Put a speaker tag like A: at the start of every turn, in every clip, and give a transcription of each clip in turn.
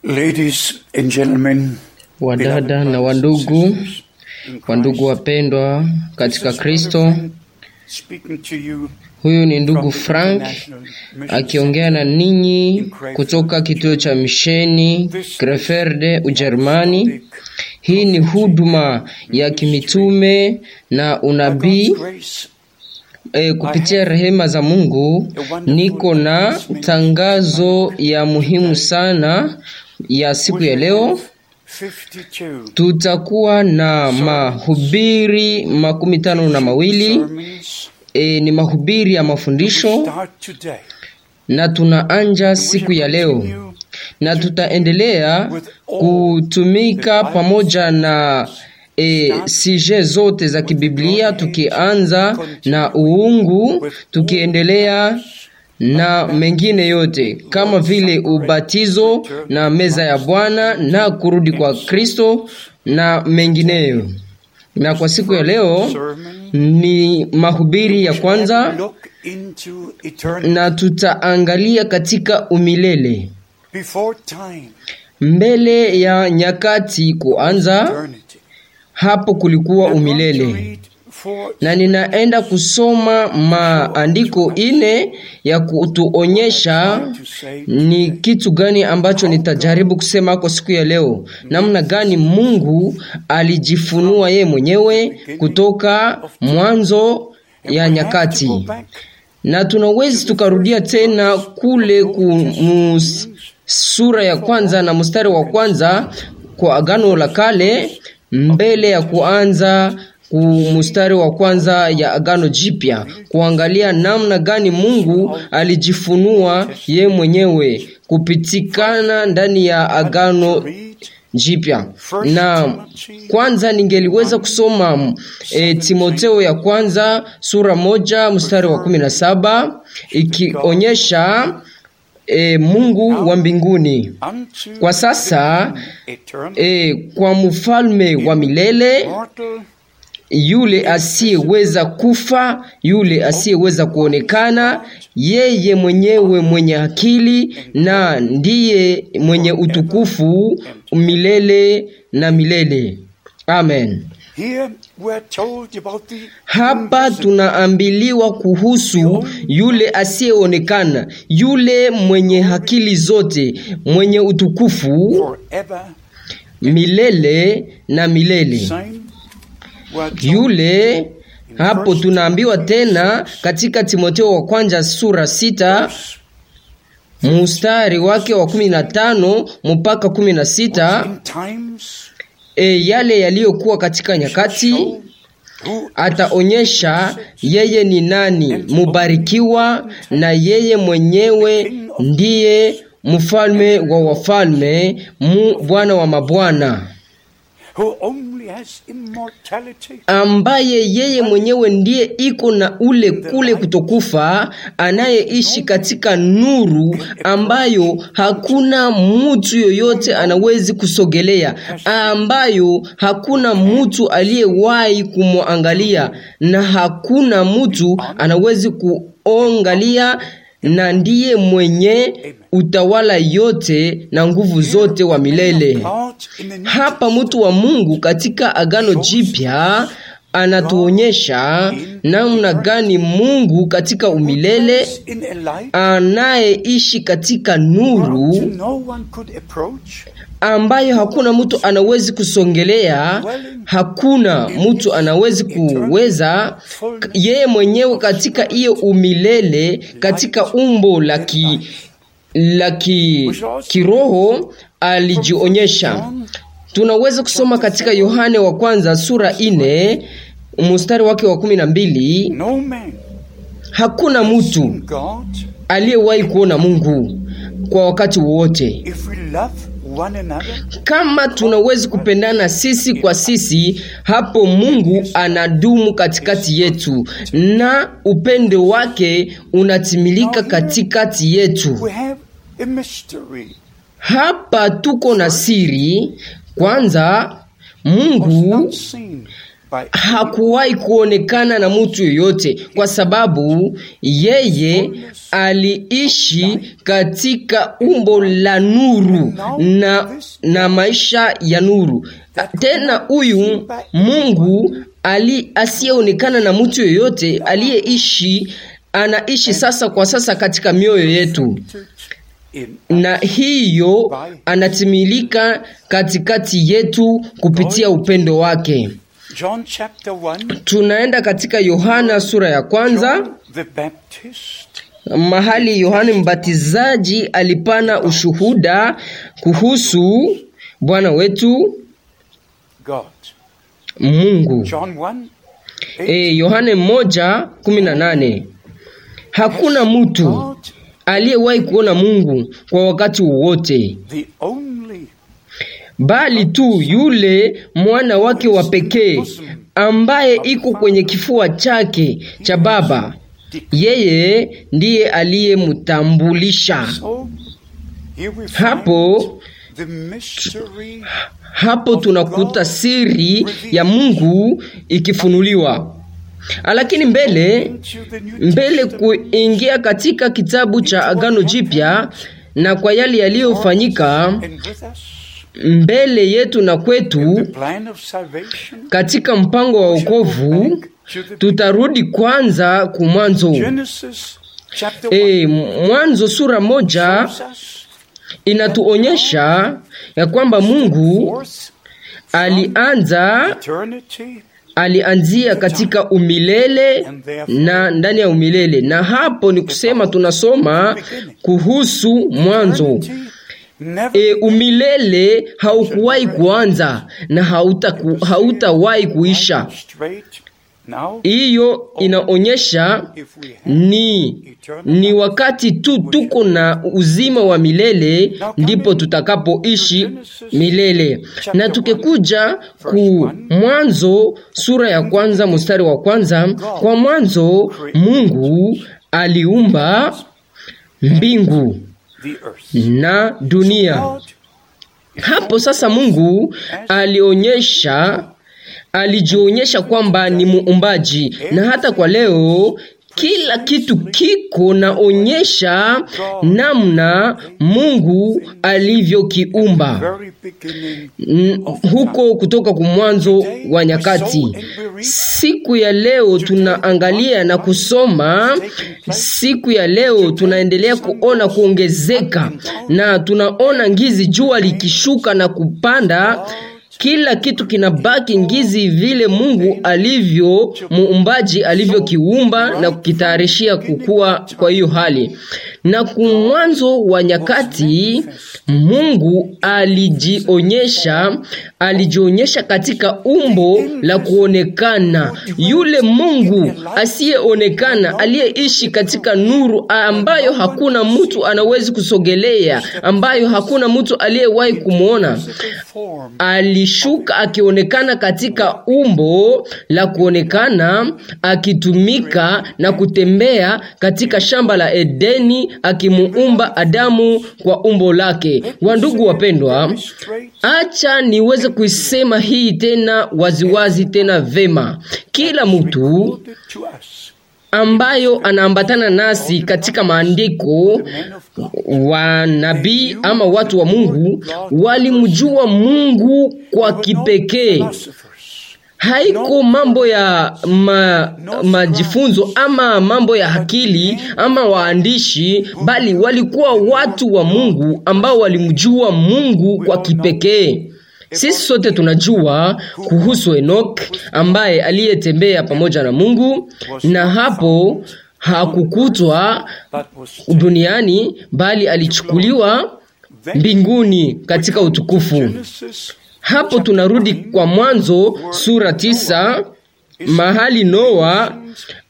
A: Ladies and gentlemen, wadada na wandugu, wandugu wapendwa katika Kristo, huyu ni ndugu Frank akiongea na ninyi kutoka kituo cha misheni Greferde, Ujerumani. Hii ni huduma ya kimitume na unabii. E, kupitia rehema za Mungu niko na tangazo ya muhimu sana ya siku ya leo tutakuwa na mahubiri makumi tano na mawili e, ni mahubiri ya mafundisho na tunaanja siku ya leo na tutaendelea kutumika pamoja na e, sije zote za kibiblia tukianza na uungu tukiendelea na mengine yote kama vile ubatizo na meza ya Bwana na kurudi kwa Kristo na mengineyo. Na kwa siku ya leo ni mahubiri ya kwanza, na tutaangalia katika umilele mbele ya nyakati kuanza. Hapo kulikuwa umilele na ninaenda kusoma maandiko ine ya kutuonyesha ni kitu gani ambacho nitajaribu kusema kwa siku ya leo, namna gani Mungu alijifunua ye mwenyewe kutoka mwanzo ya nyakati, na tunawezi tukarudia tena kule ku sura ya kwanza na mstari wa kwanza kwa Agano la Kale mbele ya kuanza mustari wa kwanza ya Agano Jipya, kuangalia namna gani Mungu alijifunua ye mwenyewe kupitikana ndani ya Agano Jipya. Na kwanza ningeliweza kusoma e, Timoteo ya kwanza sura moja mstari wa kumi na saba ikionyesha E, Mungu wa mbinguni kwa sasa e, kwa mfalme wa milele yule asiyeweza kufa, yule asiyeweza kuonekana, yeye mwenyewe mwenye akili na ndiye mwenye utukufu milele na milele. Amen. Hapa tunaambiliwa kuhusu yule asiyeonekana, yule mwenye akili zote, mwenye utukufu milele na milele yule hapo tunaambiwa tena katika Timotheo wa kwanza sura sita mustari wake wa kumi na tano mpaka kumi na sita e, yale yaliyokuwa katika nyakati ataonyesha yeye ni nani, mubarikiwa na yeye mwenyewe ndiye mfalme wa wafalme, mu bwana wa mabwana ambaye yeye mwenyewe ndiye iko na ule kule kutokufa, anayeishi katika nuru ambayo hakuna mutu yoyote anawezi kusogelea, ambayo hakuna mutu aliyewahi kumwangalia na hakuna mutu anawezi kuongalia, na ndiye mwenye utawala yote na nguvu zote wa milele. Hapa mtu wa Mungu katika Agano Jipya anatuonyesha namna gani Mungu katika umilele anayeishi katika nuru ambayo hakuna mtu anawezi kusongelea, hakuna mtu anawezi kuweza yeye mwenyewe katika hiyo umilele, katika umbo la ki la kiroho alijionyesha. Tunaweza kusoma katika Yohane wa kwanza sura ine mstari wake wa kumi na mbili hakuna mtu aliyewahi kuona Mungu kwa wakati wowote. Kama tunawezi kupendana sisi kwa sisi, hapo Mungu anadumu katikati yetu na upendo wake unatimilika katikati yetu. Hapa tuko na siri. Kwanza, Mungu hakuwahi kuonekana na mtu yoyote, kwa sababu yeye aliishi katika umbo la nuru na, na maisha ya nuru. Tena huyu Mungu ali asiyeonekana na mtu yoyote aliyeishi anaishi sasa kwa sasa katika mioyo yetu na hiyo anatimilika katikati yetu kupitia upendo wake. tunaenda katika Yohana sura ya kwanza mahali Yohane Mbatizaji alipana ushuhuda kuhusu Bwana wetu Mungu. Eh, Yohane e, moja kumi na nane hakuna mutu aliyewahi kuona Mungu kwa wakati wowote, bali tu yule mwana wake wa pekee ambaye iko kwenye kifua chake cha Baba. Yeye ndiye aliyemtambulisha. Hapo hapo tunakuta siri ya Mungu ikifunuliwa. Lakini mbele mbele kuingia katika kitabu cha Agano Jipya na kwa yale yaliyofanyika mbele yetu na kwetu katika mpango wa wokovu, tutarudi kwanza kumwanzo. E, Mwanzo sura moja inatuonyesha ya kwamba Mungu alianza alianzia katika umilele na ndani ya umilele, na hapo ni kusema tunasoma kuhusu mwanzo. E, umilele haukuwahi kuanza na hautawahi hauta kuisha. Hiyo inaonyesha ni, ni wakati tu tuko na uzima wa milele ndipo tutakapoishi milele. Na tukekuja ku Mwanzo sura ya kwanza mstari wa kwanza, kwa mwanzo Mungu aliumba mbingu na dunia. Hapo sasa Mungu alionyesha alijionyesha kwamba ni muumbaji, na hata kwa leo kila kitu kiko naonyesha namna Mungu alivyokiumba huko kutoka kwa mwanzo wa nyakati. Siku ya leo tunaangalia na kusoma, siku ya leo tunaendelea kuona kuongezeka, na tunaona ngizi jua likishuka na kupanda kila kitu kinabaki ngizi vile Mungu alivyo muumbaji alivyokiumba na kukitayarishia kukua. Kwa hiyo hali na kumwanzo wa nyakati Mungu alijionyesha, alijionyesha katika umbo la kuonekana. Yule Mungu asiyeonekana aliyeishi katika nuru ambayo hakuna mtu anawezi kusogelea, ambayo hakuna mtu aliyewahi kumwona, alishuka akionekana katika umbo la kuonekana, akitumika na kutembea katika shamba la Edeni akimuumba Adamu kwa umbo lake. Wandugu wapendwa, acha niweze kuisema hii tena waziwazi tena vema, kila mtu ambayo anaambatana nasi katika maandiko, wa nabii ama watu wa Mungu walimjua Mungu kwa kipekee haiko mambo ya ma, majifunzo ama mambo ya akili ama waandishi, bali walikuwa watu wa Mungu ambao walimjua Mungu kwa kipekee. Sisi sote tunajua kuhusu Enoch ambaye aliyetembea pamoja na Mungu, na hapo hakukutwa duniani, bali alichukuliwa mbinguni katika utukufu. Hapo tunarudi kwa Mwanzo sura tisa mahali Noa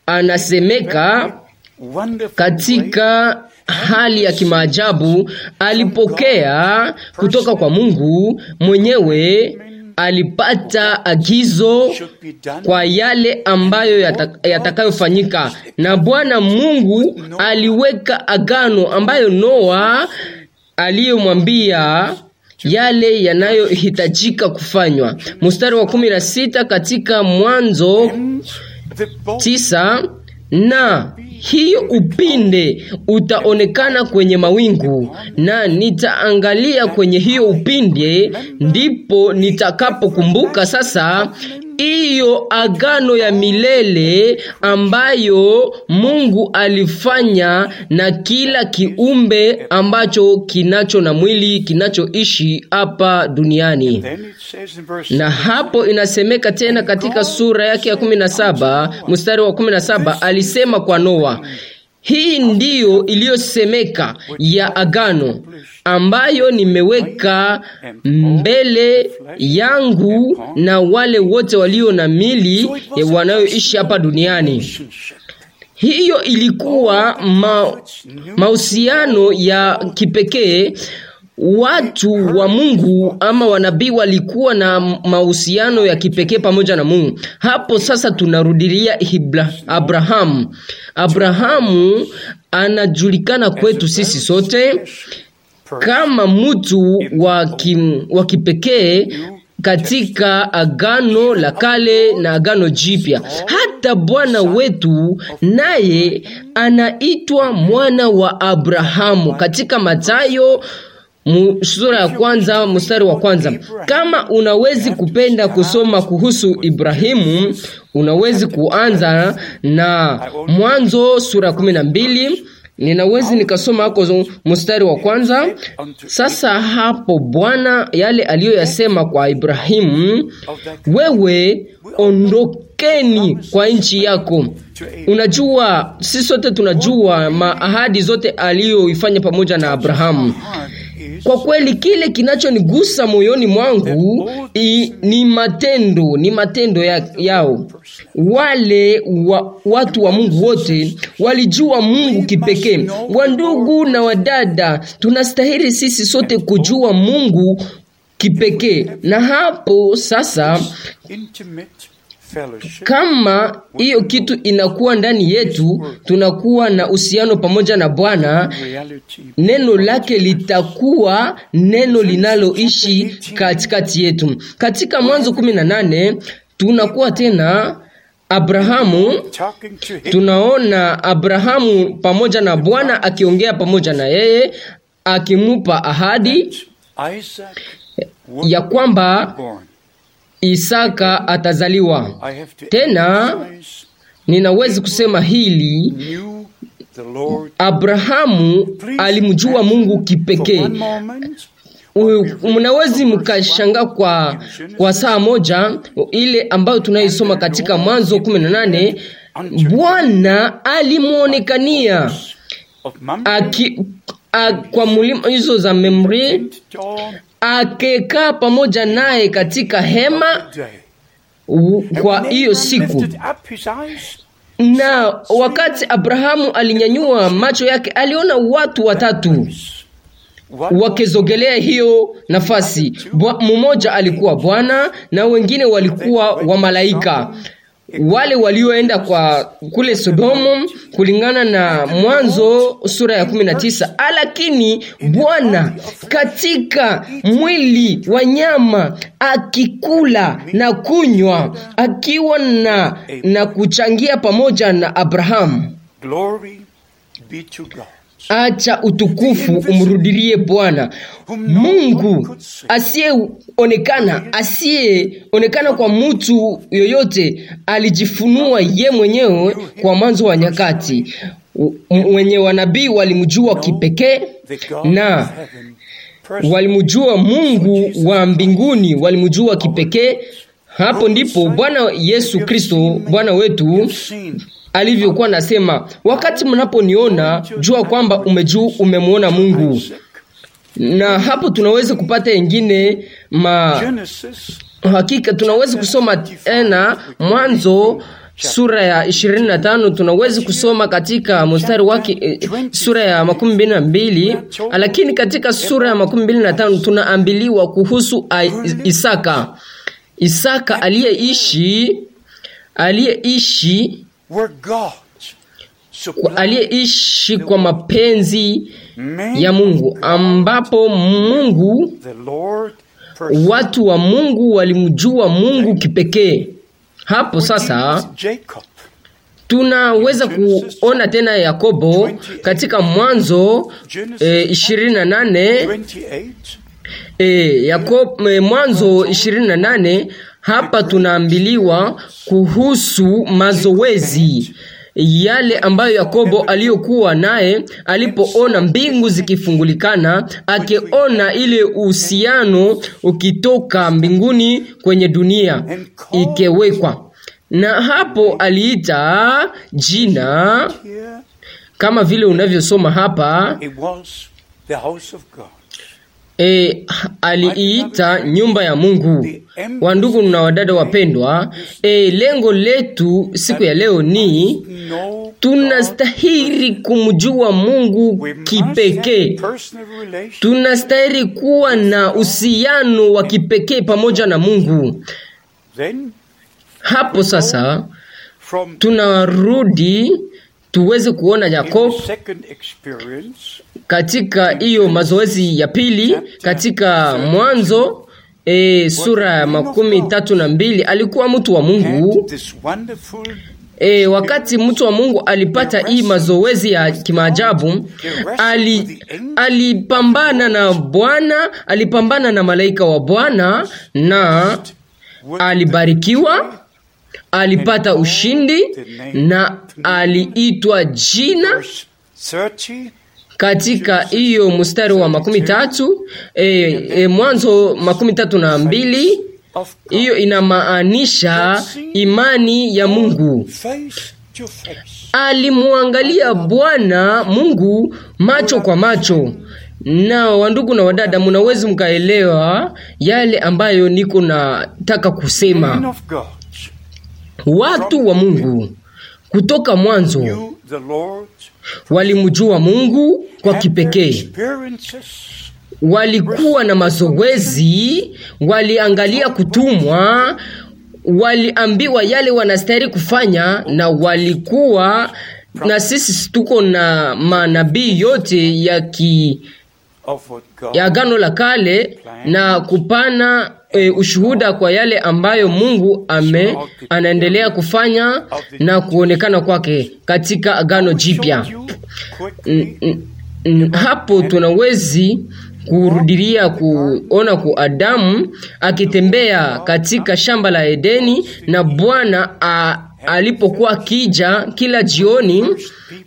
A: anasemeka katika hali ya kimaajabu alipokea kutoka kwa Mungu mwenyewe. Alipata agizo kwa yale ambayo yatakayofanyika yata na Bwana Mungu aliweka agano ambayo Noa aliyomwambia yale yanayohitajika kufanywa. Mstari wa kumi na sita katika Mwanzo tisa na hiyo upinde utaonekana kwenye mawingu, na nitaangalia kwenye hiyo upinde, ndipo nitakapokumbuka sasa hiyo agano ya milele ambayo Mungu alifanya na kila kiumbe ambacho kinacho na mwili kinachoishi hapa duniani. Na hapo inasemeka tena katika sura yake ya 17 mstari wa 17 alisema kwa Noa, hii ndiyo iliyosemeka ya agano ambayo nimeweka mbele yangu na wale wote walio na mili wanayoishi hapa duniani. Hiyo ilikuwa mahusiano ya kipekee Watu wa Mungu ama wanabii walikuwa na mahusiano ya kipekee pamoja na Mungu. Hapo sasa tunarudilia Abrahamu. Abrahamu anajulikana kwetu sisi sote kama mtu wa kipekee katika Agano la Kale na Agano Jipya. Hata Bwana wetu naye anaitwa mwana wa Abrahamu katika Mathayo sura ya kwanza mstari wa kwanza. Kama unawezi kupenda kusoma kuhusu Ibrahimu, unawezi kuanza na Mwanzo sura kumi na mbili. Ninawezi nikasoma hako mstari wa kwanza. Sasa hapo Bwana yale aliyoyasema kwa Ibrahimu, wewe ondokeni kwa nchi yako. Unajua, sisi sote tunajua maahadi zote aliyoifanya pamoja na Abrahamu kwa kweli kile kinachonigusa moyoni mwangu i, ni matendo ni matendo ya, yao. Wale wa, watu wa Mungu wote walijua Mungu kipekee. Wandugu na wadada, tunastahili sisi sote kujua Mungu kipekee, na hapo sasa kama hiyo kitu inakuwa ndani yetu, tunakuwa na uhusiano pamoja na Bwana. Neno lake litakuwa neno linaloishi katikati yetu. Katika Mwanzo 18 tunakuwa tena Abrahamu, tunaona Abrahamu pamoja na Bwana akiongea pamoja na yeye, akimupa ahadi ya kwamba Isaka atazaliwa tena. Ninawezi kusema hili, Abrahamu alimjua Mungu kipekee. Mnawezi mkashanga kwa, kwa saa moja ile ambayo tunaisoma katika Mwanzo 18 Bwana alimwonekania aki, a, kwa mulima hizo za Memri akekaa pamoja naye katika hema kwa hiyo siku. Na wakati Abrahamu alinyanyua macho yake, aliona watu watatu wakizogelea hiyo nafasi. Mmoja alikuwa Bwana na wengine walikuwa wamalaika wale walioenda kwa kule Sodomu kulingana na Mwanzo sura ya 19. Alakini Bwana katika mwili wa nyama akikula na kunywa akiwa na, na kuchangia pamoja na Abrahamu. Acha utukufu umrudirie Bwana Mungu asiyeonekana, asiyeonekana kwa mtu yoyote, alijifunua ye mwenyewe kwa mwanzo wa nyakati. Wenye wanabii walimjua kipekee na walimjua Mungu wa mbinguni, walimjua kipekee hapo ndipo Bwana Yesu Kristo Bwana wetu alivyokuwa nasema, wakati mnaponiona jua kwamba umejuu umemwona Mungu. Na hapo tunaweza kupata ingine ma hakika, tunaweza kusoma tena Mwanzo sura ya 25 tunaweza kusoma katika mstari wake eh, sura ya makumi mbili na mbili lakini katika sura ya makumi mbili na tano tunaambiliwa kuhusu Isaka. Isaka aliyeishi aliyeishi aliyeishi kwa mapenzi ya Mungu, ambapo Mungu watu wa Mungu walimjua Mungu kipekee. Hapo sasa tunaweza kuona tena Yakobo katika Mwanzo eh, 28 E, Yakob, e, Mwanzo 28 hapa tunaambiliwa kuhusu mazoezi yale ambayo Yakobo aliyokuwa naye alipoona mbingu zikifungulikana, akiona ile uhusiano ukitoka mbinguni kwenye dunia ikiwekwa, na hapo aliita jina kama vile unavyosoma hapa E, aliiita nyumba ya Mungu. Wandugu na wadada wapendwa, e, lengo letu siku ya leo ni tunastahili kumjua Mungu kipekee. Tunastahili kuwa na uhusiano wa kipekee pamoja na Mungu. Hapo sasa tunarudi tuweze kuona Yakobo katika hiyo mazoezi ya pili katika Mwanzo e, sura ya makumi tatu na mbili alikuwa mtu wa Mungu. E, wakati mtu wa Mungu alipata hii mazoezi ya kimaajabu, ali alipambana na Bwana, alipambana na malaika wa Bwana na alibarikiwa alipata ushindi na aliitwa jina katika hiyo mstari wa makumi tatu e, e, mwanzo makumi tatu na mbili hiyo inamaanisha imani ya mungu alimwangalia bwana mungu macho kwa macho na wandugu na wadada munawezi mkaelewa yale ambayo niko nataka kusema Watu wa Mungu kutoka mwanzo walimjua Mungu kwa kipekee, walikuwa na mazoezi, waliangalia kutumwa, waliambiwa yale wanastahili kufanya, na walikuwa na sisi tuko na manabii yote ya ki ya Agano la Kale na kupana e, ushuhuda kwa yale ambayo Mungu ame anaendelea kufanya na kuonekana kwake katika Agano Jipya. Hapo tunawezi kurudilia kuona ku Adamu akitembea katika shamba la Edeni na Bwana alipokuwa kija kila jioni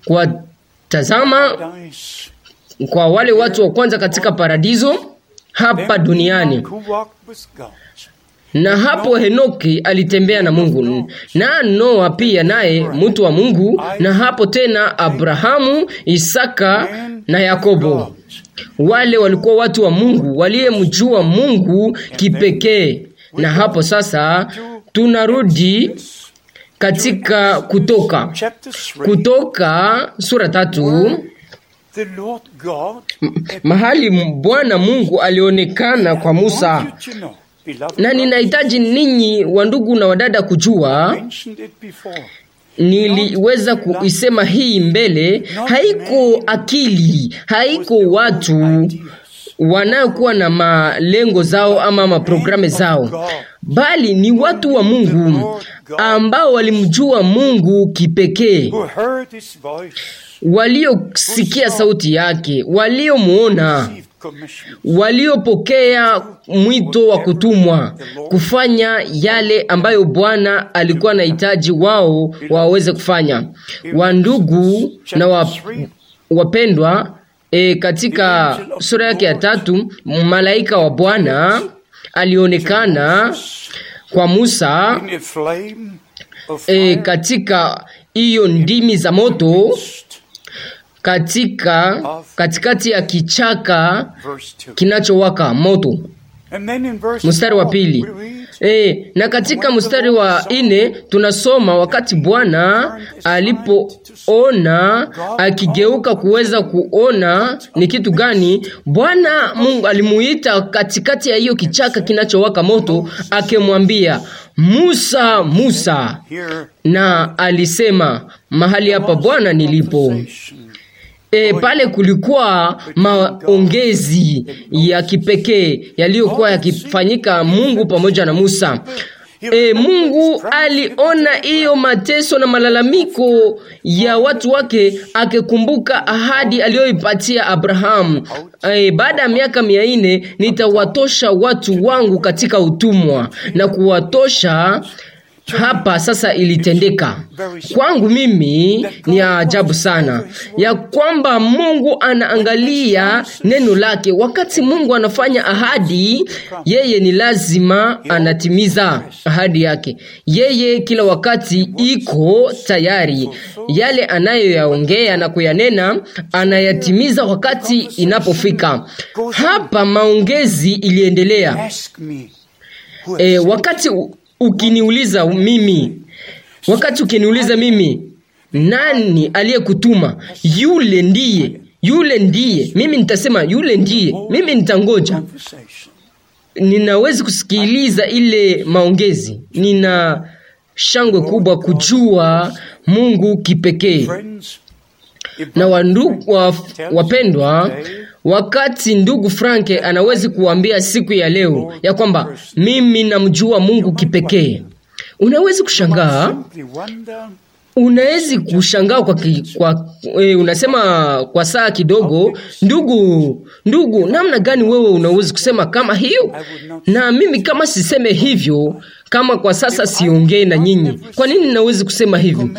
A: kuwatazama kwa wale watu wa kwanza katika paradiso hapa duniani. Na hapo Henoki alitembea na Mungu na Noa pia naye mtu wa Mungu, na hapo tena Abrahamu, Isaka na Yakobo. Wale walikuwa watu wa Mungu waliyemjua Mungu kipekee. Na hapo sasa tunarudi katika Kutoka, Kutoka sura tatu mahali Bwana Mungu alionekana kwa Musa. Na ninahitaji ninyi wa ndugu na wadada kujua, niliweza kuisema hii mbele, haiko akili, haiko watu wanaokuwa na malengo zao ama maprogramu zao, bali ni watu wa Mungu ambao walimjua Mungu kipekee waliosikia sauti yake, waliomwona waliopokea mwito wa kutumwa kufanya yale ambayo Bwana alikuwa anahitaji wao waweze kufanya. Wandugu na wa, wapendwa, e, katika sura yake ya tatu malaika wa Bwana alionekana kwa Musa e, katika hiyo ndimi za moto katika katikati ya kichaka kinachowaka moto. Mstari wa pili. E, na katika mstari wa ine tunasoma wakati Bwana alipoona akigeuka kuweza kuona ni kitu gani, Bwana Mungu alimuita katikati ya hiyo kichaka kinachowaka moto, akimwambia Musa, Musa, na alisema mahali hapa Bwana nilipo. E, pale kulikuwa maongezi ya kipekee yaliyokuwa yakifanyika Mungu pamoja na Musa. E, Mungu aliona hiyo mateso na malalamiko ya watu wake, akikumbuka ahadi aliyoipatia Abrahamu. E, eh, baada ya miaka mia nne nitawatosha watu wangu katika utumwa na kuwatosha hapa sasa ilitendeka. Kwangu mimi ni ajabu sana ya kwamba Mungu anaangalia neno lake. Wakati Mungu anafanya ahadi, yeye ni lazima anatimiza ahadi yake. Yeye kila wakati iko tayari, yale anayoyaongea na kuyanena anayatimiza wakati inapofika. Hapa maongezi iliendelea. E, wakati ukiniuliza mimi, wakati ukiniuliza mimi nani aliyekutuma, yule ndiye, yule ndiye, mimi nitasema yule ndiye. Mimi nitangoja, ninawezi kusikiliza ile maongezi, nina shangwe kubwa kujua Mungu kipekee na wandugu wapendwa Wakati ndugu Franke anawezi kuambia siku ya leo ya kwamba mimi namjua Mungu kipekee, unawezi kushangaa unawezi kushangaa kwa, kwa e, unasema kwa saa kidogo, ndugu ndugu, namna gani wewe unawezi kusema kama hiyo? Na mimi kama siseme hivyo, kama kwa sasa siongee na nyinyi, kwa nini nawezi kusema hivyo?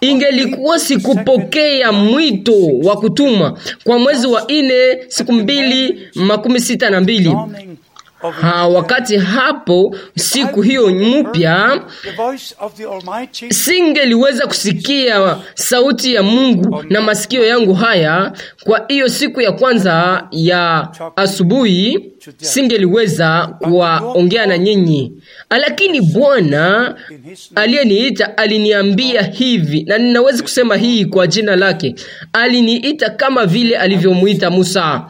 A: Ingelikuwa sikupokea mwito wa kutuma kwa mwezi wa ine siku mbili makumi sita na mbili ha, wakati hapo siku hiyo mpya singeliweza kusikia sauti ya Mungu na masikio yangu haya. Kwa hiyo siku ya kwanza ya asubuhi singeliweza kuwaongea na nyinyi, lakini Bwana aliyeniita aliniambia hivi, na ninaweza kusema hii kwa jina lake. Aliniita kama vile alivyomuita Musa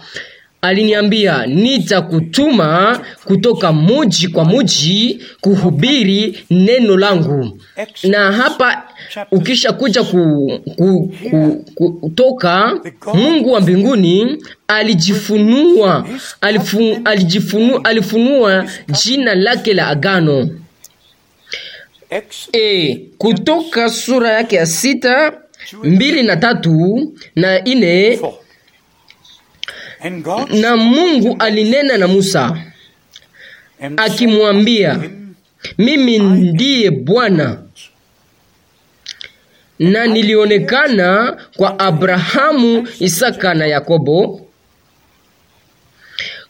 A: aliniambia nitakutuma kutoka muji kwa muji kuhubiri neno langu. Na hapa ukishakuja ku, ku, ku, kutoka Mungu wa mbinguni alijifunua, alifu, alijifunua, alifunua jina lake la agano e, kutoka sura yake ya sita mbili na tatu na ine na Mungu alinena na Musa akimwambia, mimi ndiye Bwana na nilionekana kwa Abrahamu, Isaka na Yakobo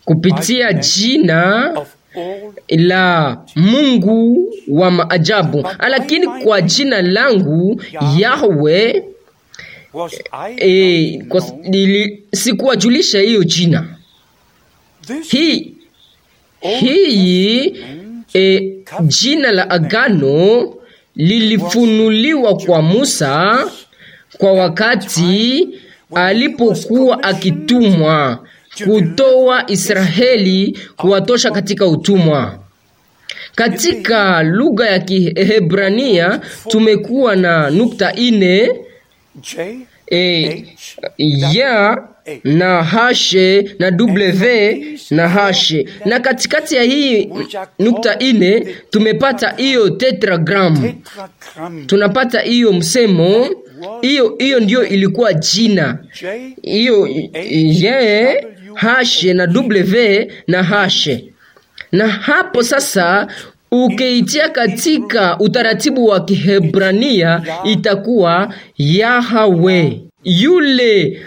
A: kupitia jina la Mungu wa maajabu, lakini kwa jina langu Yahweh e, kwa, eh, sikuwajulisha hiyo jina hii hii e, jina la agano lilifunuliwa kwa Musa kwa wakati alipokuwa akitumwa kutoa Israeli kuwatosha katika utumwa. Katika lugha ya Kihebrania tumekuwa na nukta ine e, H, ya na hashe na w na hashe na katikati ya hii nukta ine tumepata hiyo tetragram, tunapata hiyo msemo hiyo hiyo ndio ilikuwa jina hiyo ye hashe na w na hashe na hapo sasa Ukiitia katika utaratibu wa Kihebrania itakuwa Yahawe, yule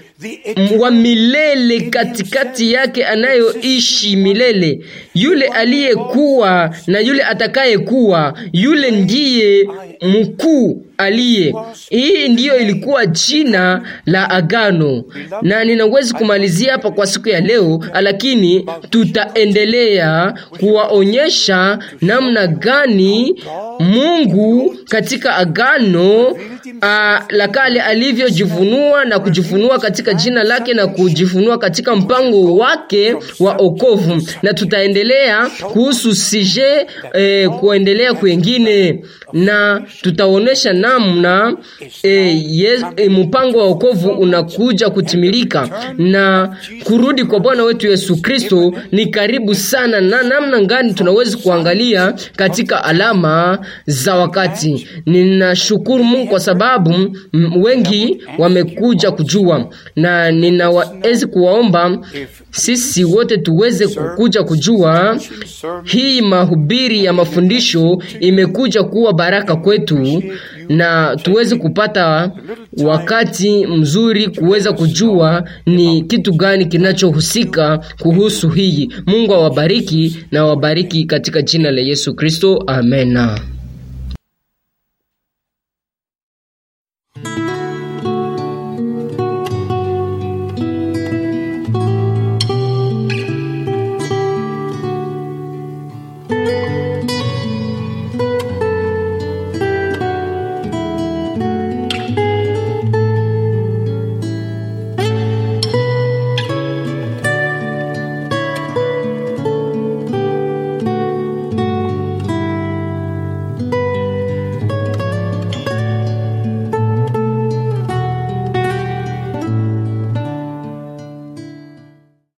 A: wa milele, katikati yake anayoishi milele, yule aliyekuwa na yule atakayekuwa, yule ndiye mkuu aliye. Hii ndiyo ilikuwa jina la agano, na ninawezi kumalizia hapa kwa siku ya leo, lakini tutaendelea kuwaonyesha namna gani Mungu katika agano a, la kale alivyojifunua na kujifunua katika jina lake na kujifunua katika mpango wake wa okovu, na tutaendelea kuhusu sije e, kuendelea kwengine na tutaonesha na namna e, e, mpango wa wokovu unakuja kutimilika na kurudi kwa Bwana wetu Yesu Kristo ni karibu sana, na namna gani tunaweza kuangalia katika alama za wakati. Ninashukuru Mungu kwa sababu wengi wamekuja kujua, na ninawaezi kuwaomba sisi wote tuweze kukuja kujua hii mahubiri ya mafundisho imekuja kuwa baraka kwetu na tuweze kupata wakati mzuri kuweza kujua ni kitu gani kinachohusika kuhusu hii. Mungu awabariki na awabariki katika jina la Yesu Kristo, amena.